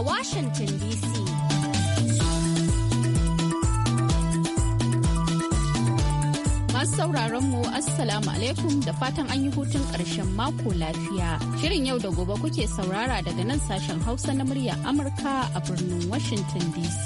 a Washington DC. Masu sauraron mu Assalamu alaikum da fatan an yi hutun ƙarshen mako lafiya. Shirin yau da gobe kuke saurara daga nan sashen Hausa na muryar Amurka a birnin Washington DC.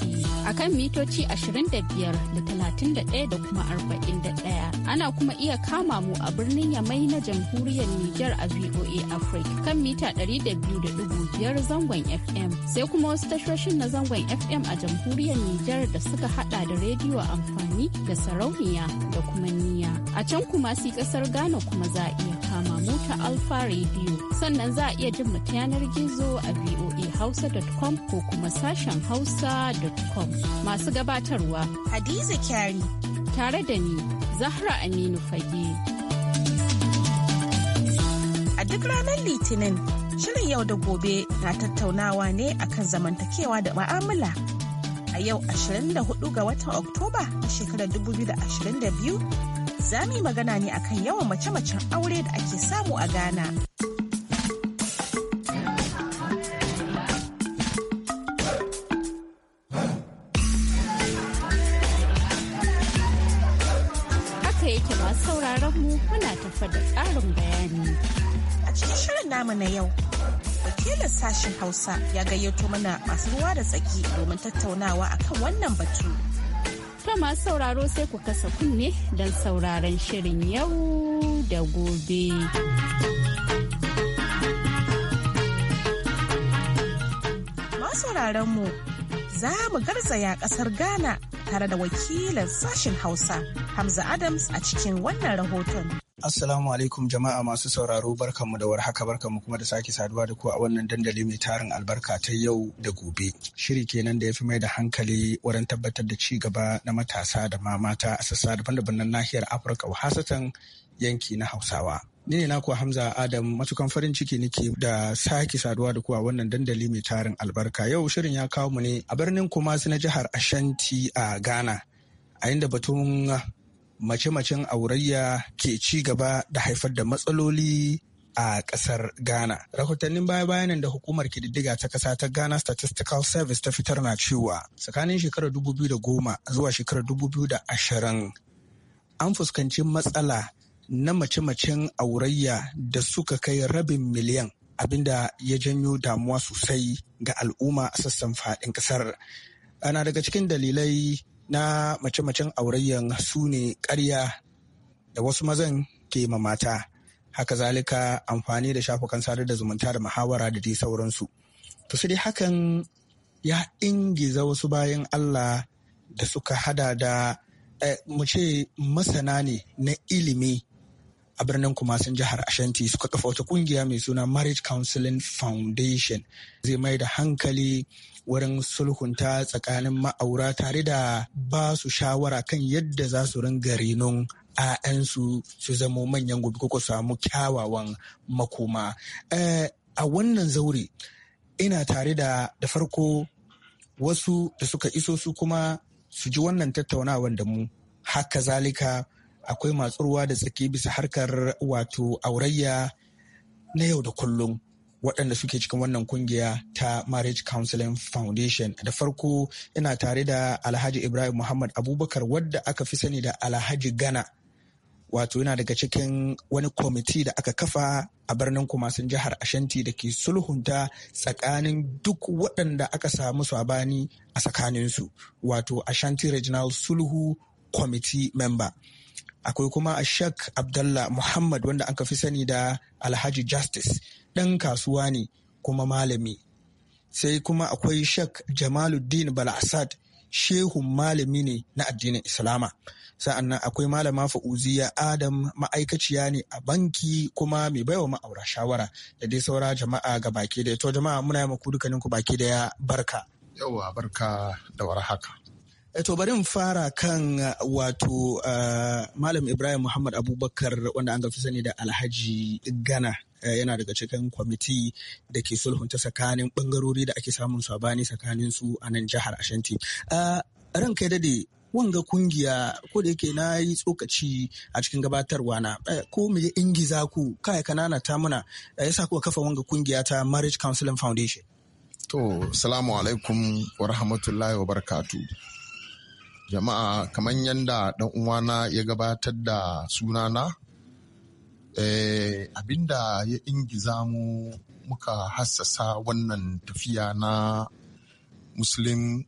A kan mitoci 25 da 31 da kuma 41. Ana kuma iya kama mu a birnin Yamai na jamhuriyar Nijar a VOA Africa kan mita 200.5 biyar zangon FM sai kuma wasu tashoshin na zangon FM a jamhuriyar Nijar da suka hada da rediyo amfani da sarauniya da kuma niya. A can kuma si kasar Ghana kuma za a iya kama mota Alfa Radio sannan za a iya jin mu ta yanar gizo a voahausa.com ko kuma sashen hausa.com masu gabatarwa. Hadiza Kyari. Tare da ni Zahra Aminu Fage. a duk ranar litinin Shirin yau da gobe na tattaunawa ne akan zamantakewa da ma'amala. A yau 24 ga watan Oktoba a shekarar 2022 za mu yi magana ne akan yawan mace-macen aure da ake samu a Ghana. Haka yake masu sauraron mu muna tafa da tsarin bayani. cikin shirin namu na yau wakilin sashen hausa ya gayyato mana masu ruwa da tsaki domin tattaunawa akan wannan batu to masu sauraro sai ku kasa kunne don sauraron shirin yau da gobe sauraron mu za mu garzaya kasar ghana tare da wakilin sashen hausa hamza adams a cikin wannan rahoton Assalamu alaikum jama'a masu sauraro barkanmu da warhaka barkanmu kuma da sake saduwa da ku a wannan dandali mai tarin albarka ta yau da gobe. Shiri kenan da ya fi mai da hankali wurin tabbatar da ci gaba na matasa da ma mata a sassa daban-daban na nahiyar Afirka hasatan yanki na Hausawa. Ni ne naku Hamza Adam matukan farin ciki nake da sake saduwa da ku a wannan dandali mai tarin albarka. Yau shirin ya kawo mu ne a birnin Kumasi na jihar Ashanti a Ghana. a inda batun mace-macen aurayya ke ci gaba da haifar da matsaloli a ƙasar Ghana. Rahotannin baya-bayan da hukumar kididdiga ta ƙasa ta Ghana Statistical Service ta fitar na cewa tsakanin shekarar 2010 zuwa shekarar 2020 an fuskanci matsala na mace-macen aurayya da suka kai rabin miliyan abinda ya janyo damuwa sosai ga al'umma a sassan faɗin ƙasar. Ana daga cikin dalilai na mace-macen aurayen su ne karya da wasu mazan ke ma mata haka zalika amfani da shafukan sadar da zumunta da muhawara da dai sauransu to sai dai hakan ya ingiza wasu bayan allah da suka hada da eh, mu ce masana ne na ilimi a birnin kumasin jihar ashanti suka kafa wata kungiya mai suna marriage counseling foundation zai mai da hankali wurin sulhunta tsakanin ma'aura tare da ba su shawara kan yadda za su ringa renon ‘ya'yansu su zamo manyan gobe ko samu kyawawan makoma. Eh, a wannan zaure ina tare da da farko wasu da suka iso su kuma su ji wannan tattaunawan da mu haka zalika akwai masu da tsaki bisa harkar wato aurayya na yau da kullum waɗanda suke cikin wannan kungiya ta Marriage Counseling Foundation. Da farko ina tare da Alhaji Ibrahim Muhammad Abubakar wadda aka fi sani da Alhaji Gana. Wato yana daga cikin wani kwamiti da aka kafa a birnin kumasin jihar Ashanti da ke sulhunta tsakanin duk waɗanda aka samu sabani a tsakaninsu. Wato Ashanti Regional Sulhu Committee Member. akwai kuma ashak abdallah muhammad wanda aka fi sani da alhaji justice ɗan kasuwa ne kuma malami sai kuma akwai shak jamaluddin bal'asad shehun malami ne na addinin islama sa'annan akwai malama fa'uziya adam ma'aikaciya ne a banki kuma mai baiwa ma'aura shawara da dai saura jama'a ga baki da to jama'a muna yi maku dukkanin ku baki da barka yauwa barka da E, to bari in fara kan wato eh, malam ibrahim muhammad abubakar wanda an fi sani da alhaji gana Eh, yana daga cikin kwamiti da ke sulhunta tsakanin bangarori da ake samun sabani tsakanin su a nan jihar Ashanti. Ah, Ran kai dade wanga kungiya ko da yake na yi tsokaci a cikin gabatarwa na eh, ko mu yi ingiza ku kai kanana ta muna eh, yasa kuka kafa wanga kungiya ta Marriage Counseling Foundation. To, salamu alaikum wa rahmatullahi wa barakatu. Jama'a, kamar yanda dan uwana ya gabatar da sunana, Eh, abinda ya ingiza mu muka hassasa wannan tafiya na muslim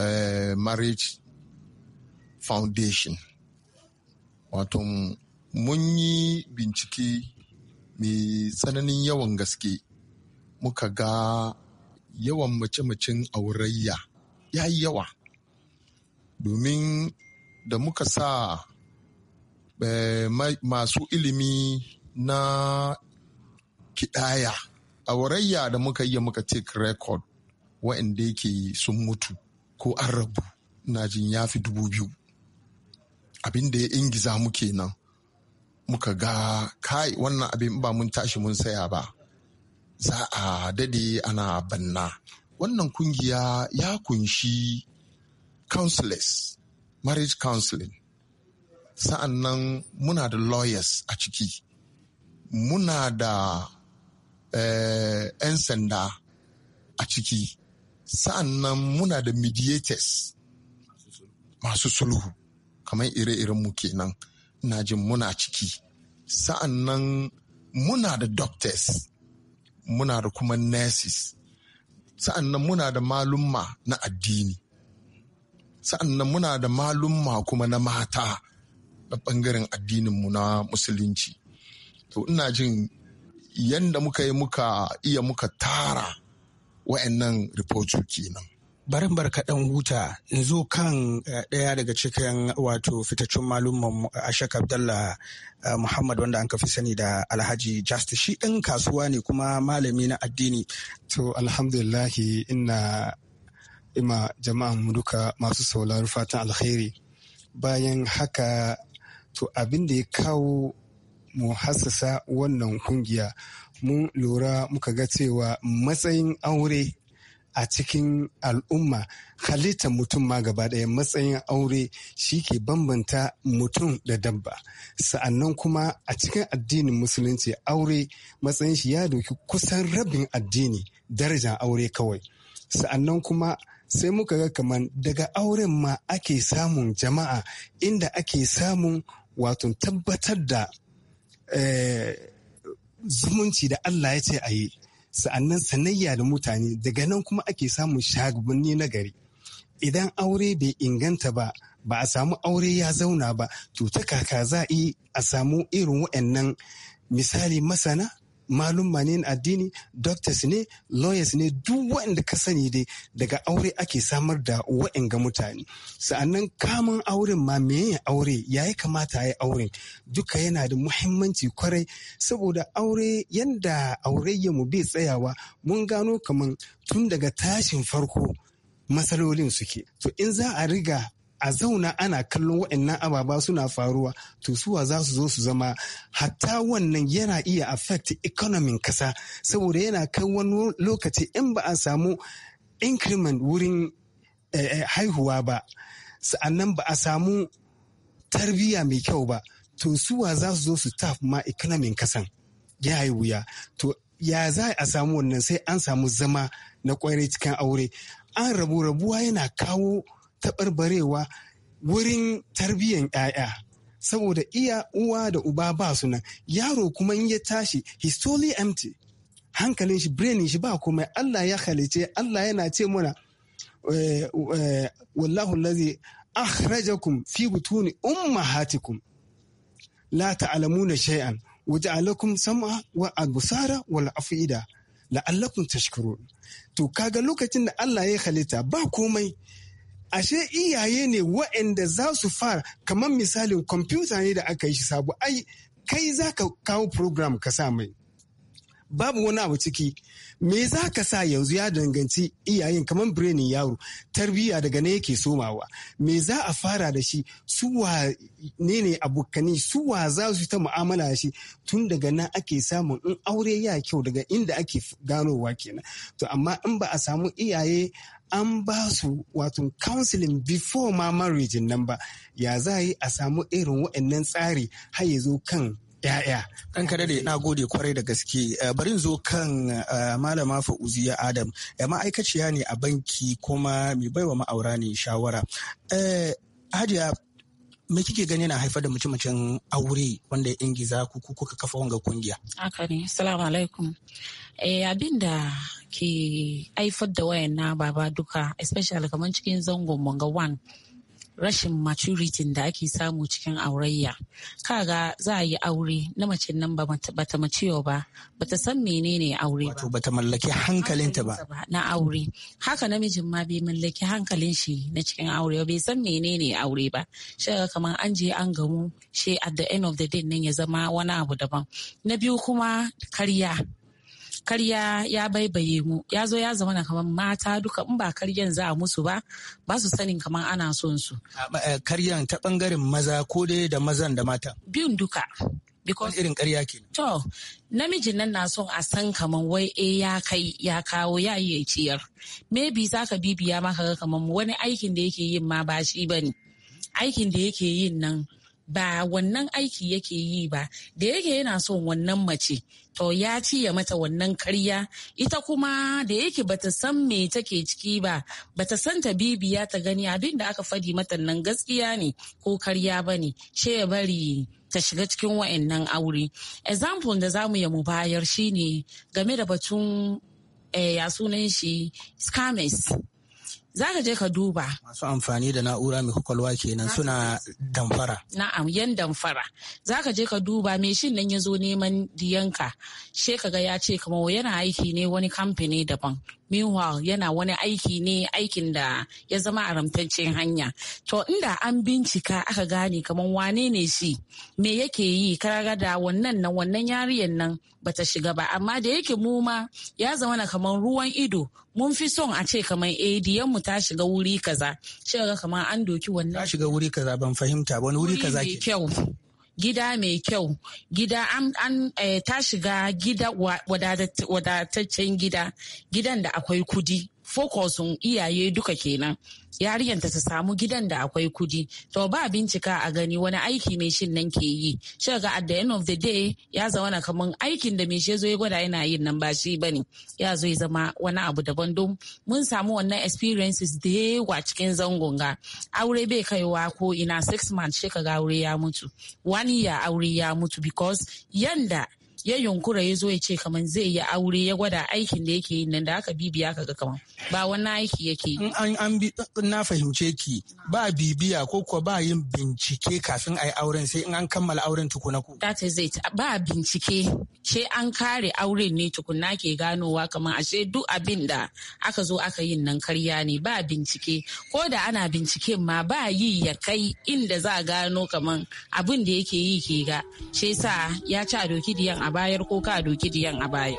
eh, marriage foundation wato mun yi bincike mai tsananin yawan gaske muka ga yawan mace-macen aurayya ya yi yawa domin da muka sa Eh, masu ilimi na kidaya a warayya da muka yi muka take record wa'anda yake sun mutu ko an rabu na jin ya fi dubu biyu abinda ya ingiza muke nan, muka ga kai wannan abin ba mun tashi mun saya ba za a dade ana banna wannan kungiya ya kunshi counselors marriage counseling sa'an nan muna da lawyers a ciki muna da eh, 'yan sanda a ciki sa'an nan muna da mediators masu sulhu kamar ire-iren mu kenan na jin muna ciki sa'an nan muna da doctors muna da kuma nurses sa'an nan muna da malumma na addini sa'an nan muna da malumma kuma na mata na bangaren addininmu na musulunci to ina jin yadda muka yi muka iya muka tara wa'annan rifotu kenan barin barka dan huta in zo kan eh, ɗaya daga cikin wato fitaccen malumman ashek eh, abdallah eh, muhammad wanda an kafi sani da alhaji justice shi ɗan kasuwa ne kuma malami na addini to alhamdulillahi ina ima jama'an mu duka masu sauraron fatan alkhairi bayan haka to abin da ya kawo mu hassasa wannan kungiya mun lura muka ga cewa matsayin aure a cikin al'umma halittar mutum ma gaba ɗaya matsayin aure shi ke bambanta mutum da dabba sa'annan kuma a cikin addinin musulunci aure matsayin shi ya doki kusan rabin addini darajar aure kawai sa'annan kuma sai muka ga kamar daga auren ma ake samun jama'a inda ake samun wato tabbatar da eh, zumunci da Allah ya ce a yi sa'annan sanayya da mutane daga nan kuma ake samun shagabanni na gari idan aure bai inganta ba ba a samu aure ya zauna ba to ta kaka za a samu irin waɗannan misali masana malumma ne na addini doctors ne lawyers ne duk waɗanda ka sani dai daga aure ake samar da waɗanga mutane sa'annan kamun auren ma meye aure ya yi kamata ya yi auren duka yana da muhimmanci kwarai saboda aure yanda aurayya mu bai tsayawa mun gano kaman tun daga tashin farko matsalolin suke to in za a riga a zauna ana kallon waɗannan ababa suna faruwa to suwa za su zo su zama hatta wannan yana iya affect economy kasa saboda yana kai wani lokaci in ba a samu increment wurin eh, eh, haihuwa ba sa'annan ba a samu tarbiyya mai kyau ba to suwa za su zo su taf ma economy kasan ya yi wuya to ya za a samu wannan sai an samu zama na kwarai cikin aure an rabu rabuwa yana kawo taɓarbarewa wurin tarbiyyar 'ya'ya saboda iya uwa da uba ba su nan yaro kuma in ya tashi he's totally empty hankalin shi brainin shi ba komai Allah ya halice Allah yana ce mana, eh, eh, wallahu lazi akhrajakum fi butuni ummahatikum la ta'lamuna shay'an waja'alakum sam'a wa absara wal afida la'allakum tashkurun to kaga lokacin da Allah ya halitta ba komai ashe iyaye ne waɗanda za su fara kamar misalin kwamfuta ne da aka yi shi sabu ai kai za ka kawo program ka sa mai babu wani abu ciki me za ka sa yanzu ya danganci iyayen kamar birnin yaro tarbiyya daga ne yake somawa me za a fara da shi suwa ne ne abokani suwa za su ta mu'amala da shi tun daga nan ake samun in aure ya kyau daga inda ake ganowa kenan to amma in ba a samu iyaye an ba su wato counseling before ma marriage nan ba ya za yi a samu irin waɗannan tsari har ya zo kan ya'ya. Ɗan kadade na gode kwarai da gaske. Eh, bari zo kan eh, malama Fa'uziya Adam. ya eh, Ma'aikaciya ne a banki kuma mai baiwa ma'aura ne shawara. Hajiya me kike gani na haifar da mace aure wanda ya ingiza ku kuka kafa wanga kungiya haka ne alaikum eh abin da ke haifar da wayan na baba duka especially kamar cikin zangon manga one rashin maturity da ake samu cikin aurayya kaga za a yi aure na mace nan ba ta maciyo ba ba san menene aure ba bata mallaki hankalinta ba na aure haka namijin ma bai mallaki hankalin shi na cikin aure ba bai san menene aure ba shiga kamar an je an gamu she at the end of the day nan ya zama wani abu daban na biyu kuma karya karya ya baibaye mu ya zo ya zama kamar mata duka in ba karyan za a musu ba ba su sanin kamar ana son su eh, karyan ta bangaren maza ko dai da mazan da mata biyun duka because irin karya ke to namijin nan na son a san kaman wai e ya kai ya kawo ya yi ciyar maybe zaka bibiya maka ga kaman wani aikin da yake yin ma ba shi bane aikin da yake yin nan ba wannan aiki yake yi ba da yake yana son wannan mace to ya ci ya mata wannan karya ita kuma da yake bata san me take ciki ba bata san ta bibiya ta gani abin da aka fadi mata nan gaskiya ne ko karya ba ne ce ya bari ta shiga cikin wa'annan aure example da zamu ya mu bayar shine game da batun eh, ya sunan shi scammers za ka je ka duba. Masu amfani da na'ura mai kwakwalwa kenan suna damfara. Na'am yan damfara. Za ka je ka duba me shin nan ya zo neman diyanka. Shekaga ya ce kamar yana aiki ne wani kamfani daban meanwhile yana wani aiki ne aikin da ya zama aramtaccen hanya to inda an bincika aka gane kamar wane ne shi me yake yi karaga da wannan nan wannan yariyan nan bata shiga ba amma da yake mu ma ya zama na kamar ruwan ido mun fi son a ce kamar eh diyan mu ta shiga wuri kaza shiga kamar an doki wannan ta shiga wuri kaza ban fahimta wani wuri kaza ke kyau gida mai kyau gida an eh, ta shiga gida wadataccen gida gidan da akwai kudi fokosun iyaye duka kenan yarinyanta ta samu gidan da akwai kudi to ba bincika a gani wani aiki mai shin nan ke yi shi at the end of the day ya zama kaman aikin da mai shi zo ya gwada yana yin nan ba shi bane ya zo ya zama wani abu daban don mun samu wannan experiences da yawa cikin zangon ga aure bai kaiwa ko ina six months shi ga aure ya mutu one year aure ya mutu because yanda ya yunkura ya zo ya ce kamar zai yi aure ya gwada aikin da yake yi nan da aka bibiya ka ga kaman ba wani aiki yake an an bi na fahimce ki ba bibiya ko kuwa ba yin bincike kafin a yi auren sai in an kammala auren tukuna ku ba bincike ce an kare auren ne tukuna ke ganowa kaman ashe duk abin da aka zo aka yin nan karya ne ba bincike ko da ana binciken ma ba yi ya kai inda za a gano kamar abin da yake yi ke ga ce sa ya ci a doki da diyan bayar ko ka doki diyan a baya.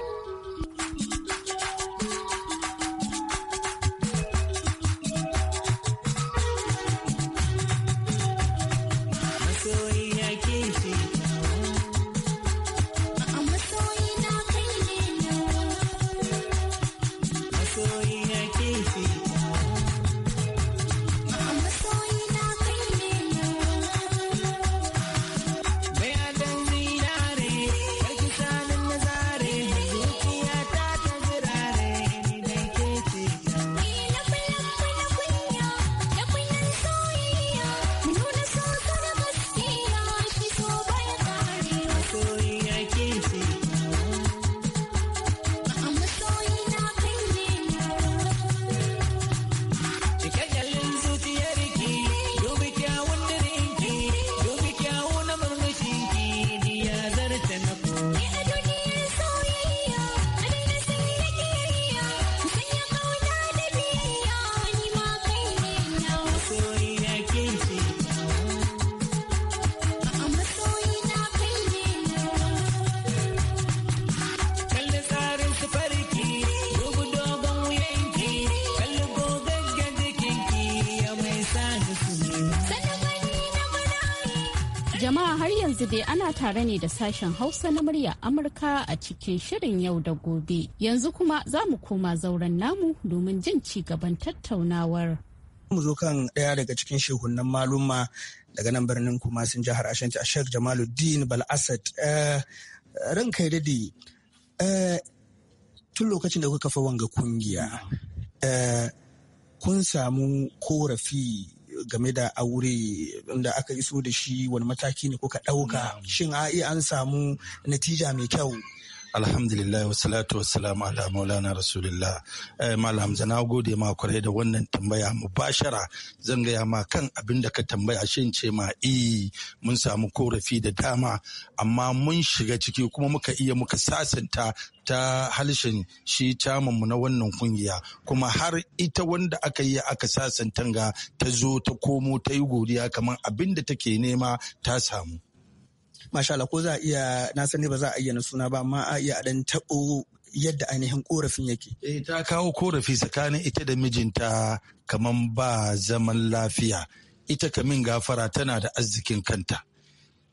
yanzu ana tare ne da sashen Hausa na murya Amurka a cikin shirin yau da gobe. Yanzu kuma za mu koma zauren namu domin jin ci gaban tattaunawar. Mu zo kan ɗaya daga cikin shehunan maluma daga nan birnin kuma sun jihar Ashanti a Sheikh Jamaluddin Bal'asad. Eh, Ran kai daɗi eh, tun lokacin da kuka kafa wanga kungiya eh, kun samu korafi game da aure da aka iso da shi wani mataki ne kuka ɗauka shin ai an samu natija mai kyau alhamdulillah wassalatu wassalamu ala maulana rasulillah eh, malam na gode ma kwarai da wannan tambaya mubashara zan gaya ma kan abin da ka tambaya shin ce ma i eh, mun samu korafi da dama amma mun shiga ciki kuma muka iya muka sasanta ta halshen shi mu na wannan kungiya kuma har ita wanda aka yi aka sasanta ga ta zo ta komo ta yi godiya kamar abin da take nema ta samu masha Allah ko za a iya na ne ba za a ayyana suna ba amma a iya dan tabo yadda ainihin korafin yake. Eh ta kawo korafi tsakanin ita da mijinta kaman ba zaman lafiya. Ita kamin gafara tana da arzikin kanta.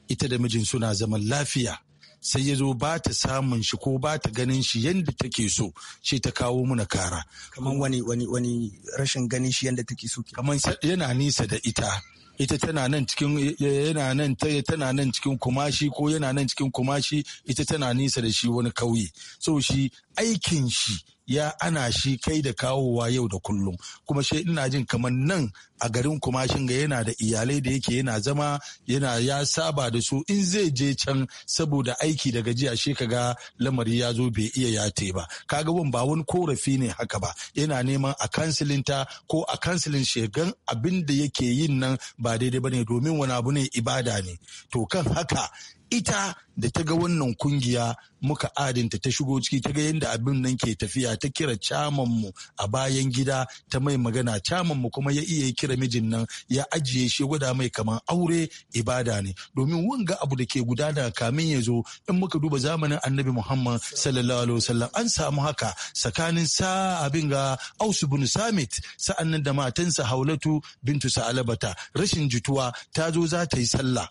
Ita da mijin suna zaman lafiya. sai ya zo ba ta samun shi ko ba ta ganin shi yadda take so shi ta kawo muna kara. Kaman wani wani wani rashin ganin shi yadda take so. Kaman yana nisa da ita ita tana nan cikin yana nan tana nan cikin kumashi ko yana nan cikin kumashi ita tana nisa da shi wani kauye so shi aikin shi ya ana shi kai da kawowa yau da kullum kuma shi ina jin kamar nan a garin kumashin ga yana da iyalai da yake yana zama yana ya saba da su in zai je can saboda aiki da gajiya shi kaga lamari ya zo bai iya ya ba kaga wani ba wani korafi ne haka ba yana neman a kansilin ta ko a kansilin shegan abin da yake yin nan ba daidai ba ne domin wani abu ne ibada ne to kan haka ita da ta ga wannan kungiya muka adinta ta shigo ciki ta ga yadda abin nan ke tafiya ta kira camanmu a bayan gida ta mai magana camanmu kuma ya iya kira mijin nan ya ajiye shi gwada mai kamar aure ibada ne domin wanga abu da ke gudana kamin ya zo in muka duba zamanin annabi muhammad sallallahu alaihi wasallam an samu haka tsakanin sa abin ga ausu bin samit sa'annan da matansa haulatu bintu sa'alabata rashin jituwa ta zo za ta yi sallah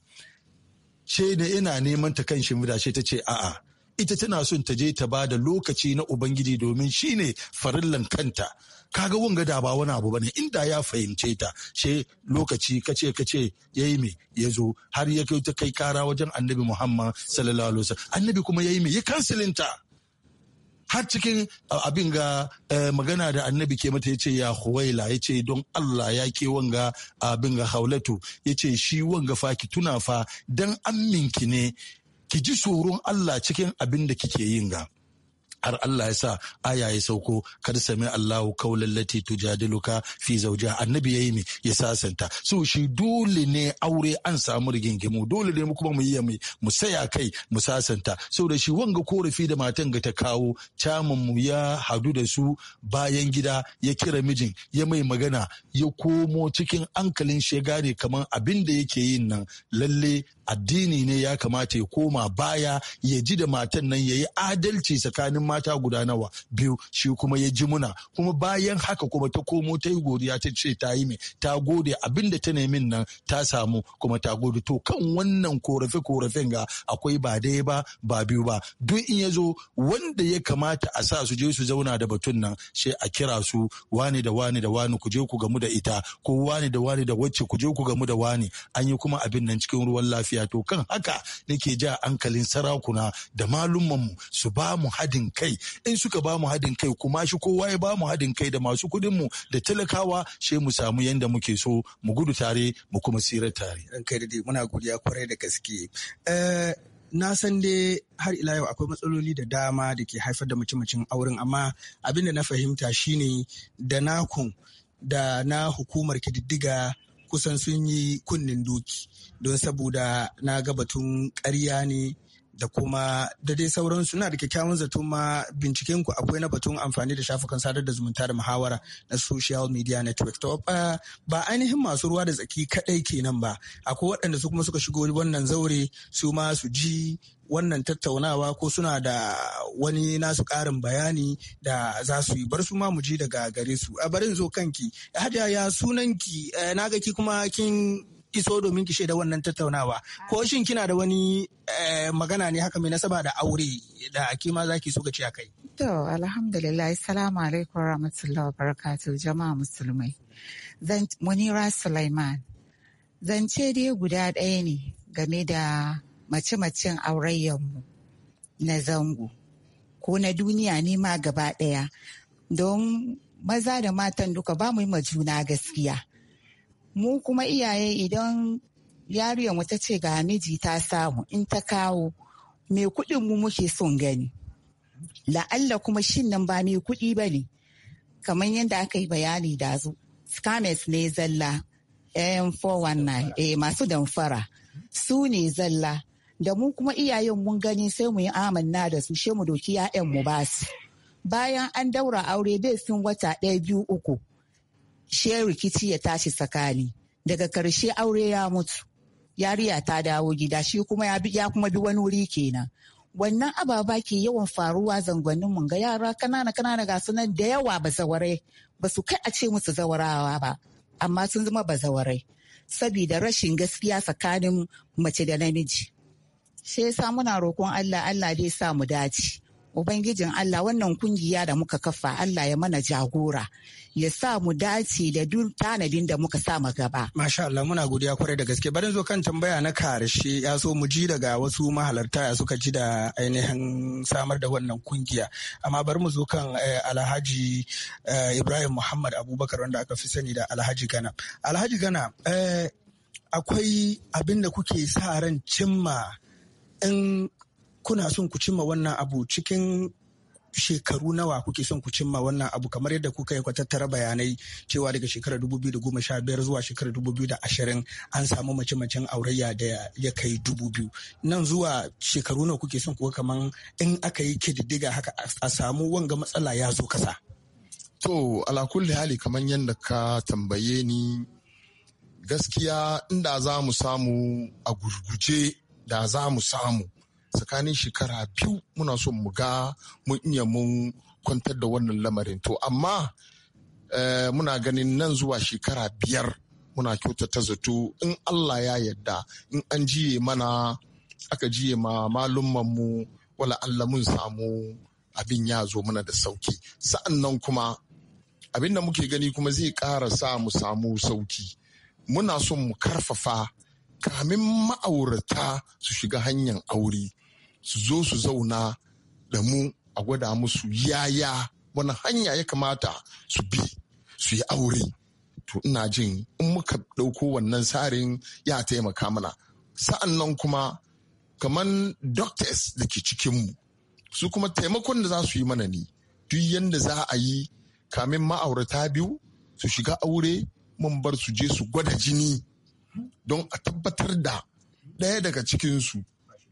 ce ne ina neman ta kan shimfida ce ta ce a'a ita tana son ta je ta ba da lokaci na ubangiji domin shine farillan kanta kaga wanga da ba wani abu bane inda ya fahimce ta she lokaci kace kace yayi me ya zo har ya kai ta kai kara wajen annabi muhammad sallallahu alaihi wasallam annabi kuma yayi me ya kansilinta har cikin abin ga eh, magana da annabi ke mata ya ce ya huwaila ce don Allah ya ke wanga abin ga haulatu ce shi wanga fa ki tuna fa don amminki ne ki ji tsoron Allah cikin abin da kike yin ga har Allah ya sa aya ya sauko kar sami Allahu kaulan lati tujadiluka fi zawja annabi yayi ne ya sasanta so shi dole ne aure an samu rigingimu dole ne kuma mu yi mu saya kai mu sasanta so da shi wanga korafi da matan ga ta kawo caman mu ya hadu da su bayan gida ya kira mijin ya mai magana ya komo cikin ankalin shi ya gane kamar abin da yake yin nan lalle addini ne ya kamata ya koma baya ya ji da matan nan ya yi adalci tsakanin mata guda nawa biyu shi kuma ya ji muna kuma bayan haka kuma ta komo ta yi godiya ta ce ta yi mai ta gode abin da ta nemi nan ta samu kuma ta gode to kan wannan korafe korafen ga akwai ba dai ba ba biyu ba duk in ya zo wanda ya kamata a sa su je su zauna da batun nan sai a kira su wani da wani da wani ku je ku gamu da ita ko wani da wani da wacce ku je ku gamu da wani an yi kuma abin nan cikin ruwan lafiya gaskiya to kan haka nake ja hankalin sarakuna da mu su ba mu haɗin kai in suka ba mu haɗin kai kuma shi kowa ya ba mu haɗin kai da masu mu da talakawa sai mu samu yanda muke so mu gudu tare mu kuma sirar tare. an kai da muna godiya kwarai da gaske. Eh, na san dai har ila yau akwai matsaloli da dama da ke haifar da mace-macen auren amma abin da na fahimta shine da nakun da na hukumar kididdiga kusan sun yi kunnen doki don saboda na ga batun ƙarya ne da kuma da dai sauran suna da kyakkyawan zato ma binciken ku akwai na batun amfani da shafukan sadar da zumunta da muhawara na social media network to ba ainihin masu ruwa da tsaki kadai kenan ba akwai waɗanda su kuma suka shigo wannan zaure su ma su ji wannan tattaunawa ko suna da wani nasu ƙarin bayani da za su yi bar su ma mu ji daga gare su a barin zo kanki hajiya sunanki eh, na ga ki kuma kin iso domin ki shaida wannan tattaunawa ko shin kina da wani eh, magana ne haka mai nasaba da aure da kima ki so ci kai to alhamdulillah assalamu alaikum warahmatullahi wabarakatuh jama'a musulmai zan munira sulaiman zance dai guda ɗaya ne game da mace-macen mu na zango ko na duniya ne ma gaba ɗaya don maza da matan duka ba mu yi ma juna gaskiya mu kuma iyaye idan yariyar mu ta ce ga miji ta samu in ta kawo mai kuɗin mu muke son gani la'alla kuma shin nan ba mai kuɗi ba ne kamar yadda aka yi bayani da zu scammers ne zalla yan 419 eh, masu damfara su ne zalla da mu kuma iyayen mun gani sai mu yi amanna da su she mu doki 'ya'yan mu ba su bayan an daura aure bai sun wata ɗaya biyu uku she rikici ya tashi tsakani daga karshe aure ya mutu yariya ta dawo gida shi kuma ya bi kuma bi wani wuri kenan wannan ababa ke yawan faruwa zangonnin mun ga yara kanana kanana ga sunan da yawa ba zawarai ba su kai a ce musu zawarawa ba amma sun zama ba zawarai saboda rashin gaskiya tsakanin mace da namiji sai sa muna roƙon Allah Allah dai sa mu dace Ubangijin Allah wannan kungiya da muka kafa Allah ya mana jagora ya sa mu dace da duk tanadin da muka sa gaba. Masha Allah muna godiya kwarai da gaske barin zo kan tambaya na karshe ya so mu ji daga wasu mahalarta ya suka ji da ainihin samar da wannan kungiya amma bari mu zo kan eh, Alhaji eh, Ibrahim Muhammad Abubakar wanda aka fi sani da Alhaji Gana. Alhaji Gana eh, akwai abin da kuke sa ran cimma in kuna son ku cimma wannan abu cikin shekaru nawa kuke son ku cimma wannan abu kamar yadda kuka yi kwatattara bayanai cewa daga shekarar 2015 zuwa shekarar 2020 an samu mace-macen aurayya da ya kai dubu biyu. nan zuwa shekaru nawa kuke son kuwa kamar? in aka yi kididdiga haka a samu wanga matsala ya zo kasa to ala kulli hali kamar yadda ka tambaye ni gaskiya inda za mu samu a gurguje da za mu samu tsakanin shekara biyu muna so mu ga mun iya mun kwantar da wannan lamarin to amma eh, muna ganin nan zuwa shekara biyar muna kyautata zato in Allah ya yadda in an jiye mana aka jiye ma mu wala Allah mun samu abin ya zo mana da sauki sa'an nan kuma abin da muke gani kuma zai ƙara sa mu samu sauki muna so mu karfafa kamin ma'aurata su shiga hanyar aure su zo su zauna da mu a gwada musu yaya wani hanya ya kamata su bi su yi aure to ina jin in muka ɗauko wannan tsarin ya taimaka mana sa'an nan kuma kaman doctors da ke cikinmu su kuma taimakon da za su yi mana ne duk yadda za a yi kamin ma'aurata biyu su shiga aure mun bar su je su gwada jini don a tabbatar da ɗaya daga cikinsu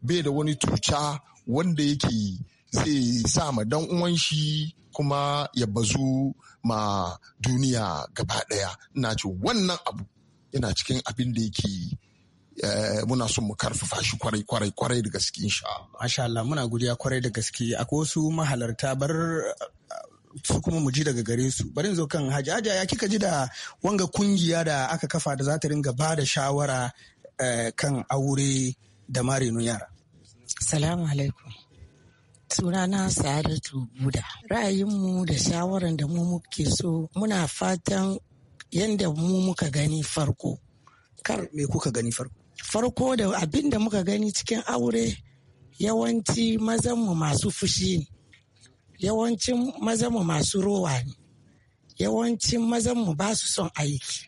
bai da wani tuca wanda yake zai sa ma dan uwan shi kuma ya bazu ma duniya gaba daya ina ce wannan abu yana cikin abin da yake eh, muna son mu karfafa shi kwarai kwarai kwarai da gaske insha Allah. Masha Allah muna godiya kwarai da gaske akwai wasu mahalarta bar su kuma mu ji daga gare su bari zo kan Haji haji ya kika ji da wanga kungiya da aka kafa da za ta ringa ba da shawara eh, kan aure da ma yara. Salamu alaikum. sunana Sa'adatu Buda. Ra'ayinmu da shawaran da mu muke so muna fatan yadda mu muka gani farko. Kar me kuka gani farko? Farko da abin da muka gani cikin aure yawanci mazanmu masu fushi ne. Yawancin mazanmu masu rowa ne. Yawancin mazanmu ba su son aiki.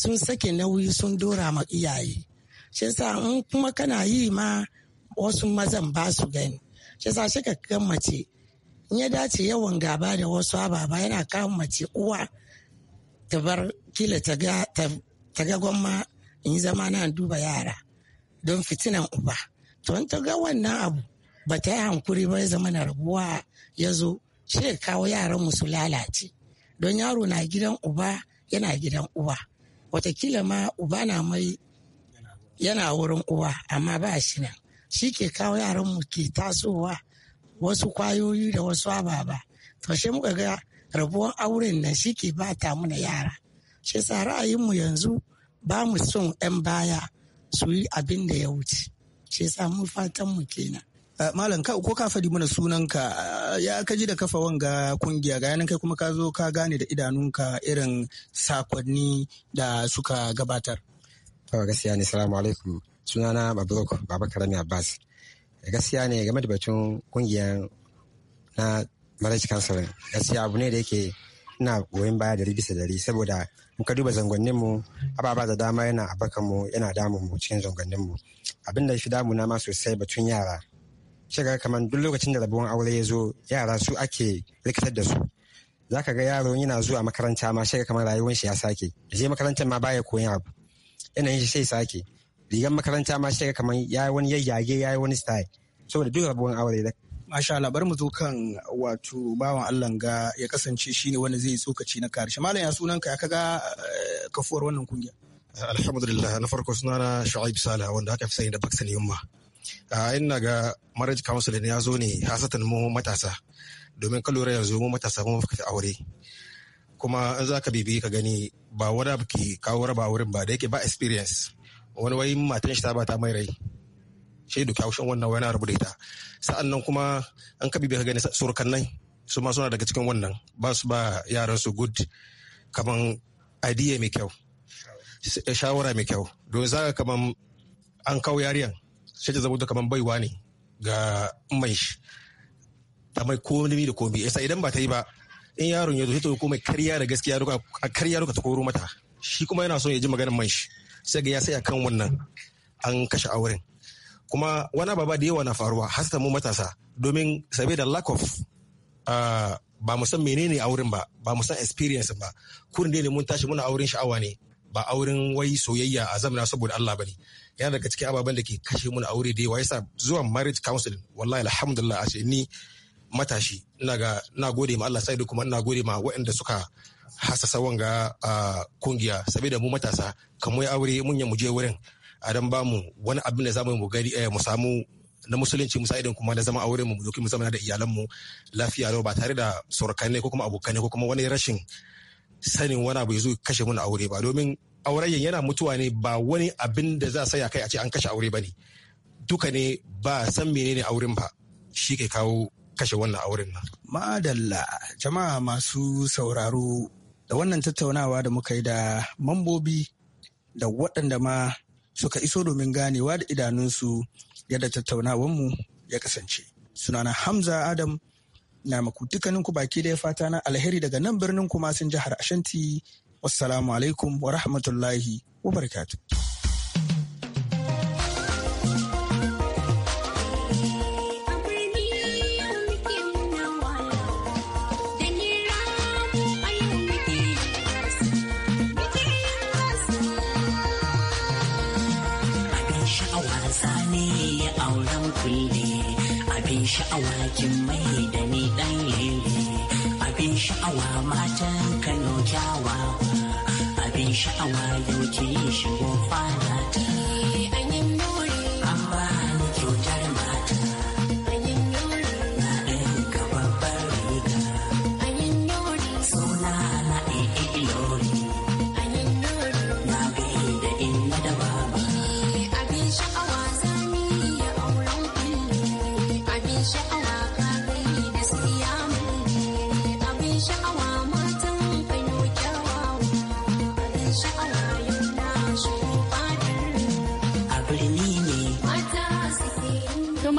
Sun sake nauyi sun dora ma iyaye. shi sa in kuma kana yi ma wasu mazan ba su gani shi sa shi ka mace in ya dace yawan gaba da wasu ababa yana kawo mace uwa ta bar kila ta ga gwamma in zama na duba yara don fitinan uba to in ta ga wannan abu ba ta yi hankuri ba ya zama na rabuwa ya zo shi ya kawo yaran musu lalace don yaro na gidan uba yana gidan uba watakila ma uba na mai yana wurin uwa amma ba shi nan shi ke kawo yaran mu ke tasowa wasu kwayoyi da wasu ababa to shi muka ga rabuwar auren nan shi ke bata ta muna yara shi sa mu yanzu ba mu son 'yan baya su yi abin da ya wuce shi sa mun fatan mu kenan ah, malam ka ko ka faɗi mana sunanka ya ka ji da kafa wanga kungiya ga yanan kai kuma ka zo ka gane da idanunka irin sakonni da suka gabatar kawai gaskiya ne salamu alaikum sunana babrok baba karami abbas gaskiya ne game da batun kungiyar na marriage counseling gaskiya abu ne da yake ina goyon baya dari bisa dari saboda muka duba zangonnin mu ababa da dama yana abakan mu yana damu mu cikin zangonnin mu abin da shi damu na ma sosai batun yara shiga kamar duk lokacin da rabuwan aure ya zo yara su ake rikitar da su za ka ga yaro yana zuwa makaranta ma shiga kamar rayuwar shi ya sake je makarantar ma baya koyan abu yanayin shi sai sake rigar makaranta ma shi kamar ya yi wani yayyage ya yi wani style saboda duk rabuwan aure da Masha Allah bar mu zo kan wato bawan Allah ga ya kasance shine wanda zai tsokaci na karshe malam ya sunan ka ya kaga eh, kafuwar wannan kungiya alhamdulillah na farko sunana Shu'aib Salah wanda aka fi sani da Baksan Yumma a ina ga marriage council ya zo ne hasatan mu matasa domin kalura yanzu mu matasa mu fuka aure kuma in za ka bibiyi ka gani ba wada abu ke kawo raba wurin ba da yake ba experience wani wai matan shi ta ba ta mai rai shi duk haushin wannan wani rubuta da ita sa'an nan kuma an ka bibiyi ka gani surukan nan su ma suna daga cikin wannan ba su ba yaran su good kaman idea mai kyau shawara mai kyau don za ka kaman an kawo yariyan shi ta zama kaman baiwa ne ga mai shi ta mai komi da komi yasa idan ba ta yi ba in yaron ya zo ta ko karya da gaskiya a karya ruka ta koro mata shi kuma yana so ya ji maganar man shi sai ga ya sai akan wannan an kashe auren kuma wani baba da yawa na faruwa hasta mu matasa domin da lack of ba mu san menene auren ba ba mu san experience ba kurin ne mun tashi muna auren sha'awa ne ba auren wai soyayya a zamana saboda Allah bane yana daga cikin ababen da ke kashe mun aure da yawa yasa zuwa marriage counseling wallahi alhamdulillah a ce ni matashi ina ga na gode ma Allah sai kuma ina gode ma waɗanda suka hasasa wanga a kungiya saboda mu matasa ya aure mun ya muje wurin a dan ba mu wani abin da za mu gari eh, mu samu na musulunci musa idan kuma na zama aure mu doki mu zama da iyalan mu lafiya lau ba tare da surkanne ko kuma ne ko kuma wani rashin sanin wani abu ya kashe mun aure ba domin aurayyan yana mutuwa ne ba wani abin da za a saya kai a ce an kashe aure ba ne duka ne ba san menene auren ba shi ke kawo kashe wannan auren nan. Madalla jama'a masu sauraro da wannan tattaunawa da muka yi da mambobi da waɗanda ma suka iso domin ganewa da idanunsu yadda tattaunawanmu ya kasance. Sunana Hamza Adam na maku ku baki da ya fata na alheri daga nan birnin kuma sun jihar Ashanti. Wassalamu alaikum wa rahmatullahi wa barakatuh. ne auren kulle abin sha'awa kin mai da ni dan lele abin sha'awa matan kano kyawawa abin sha'awa yau ki shigo kwana ta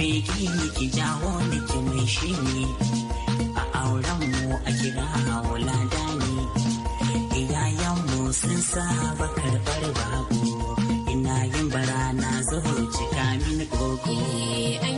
begi ki jawo ni ki mai shi ne a auren mu a kira haula dani iyayen mu sun sa karɓar babu ina yin bara na zuhu cika mini gogo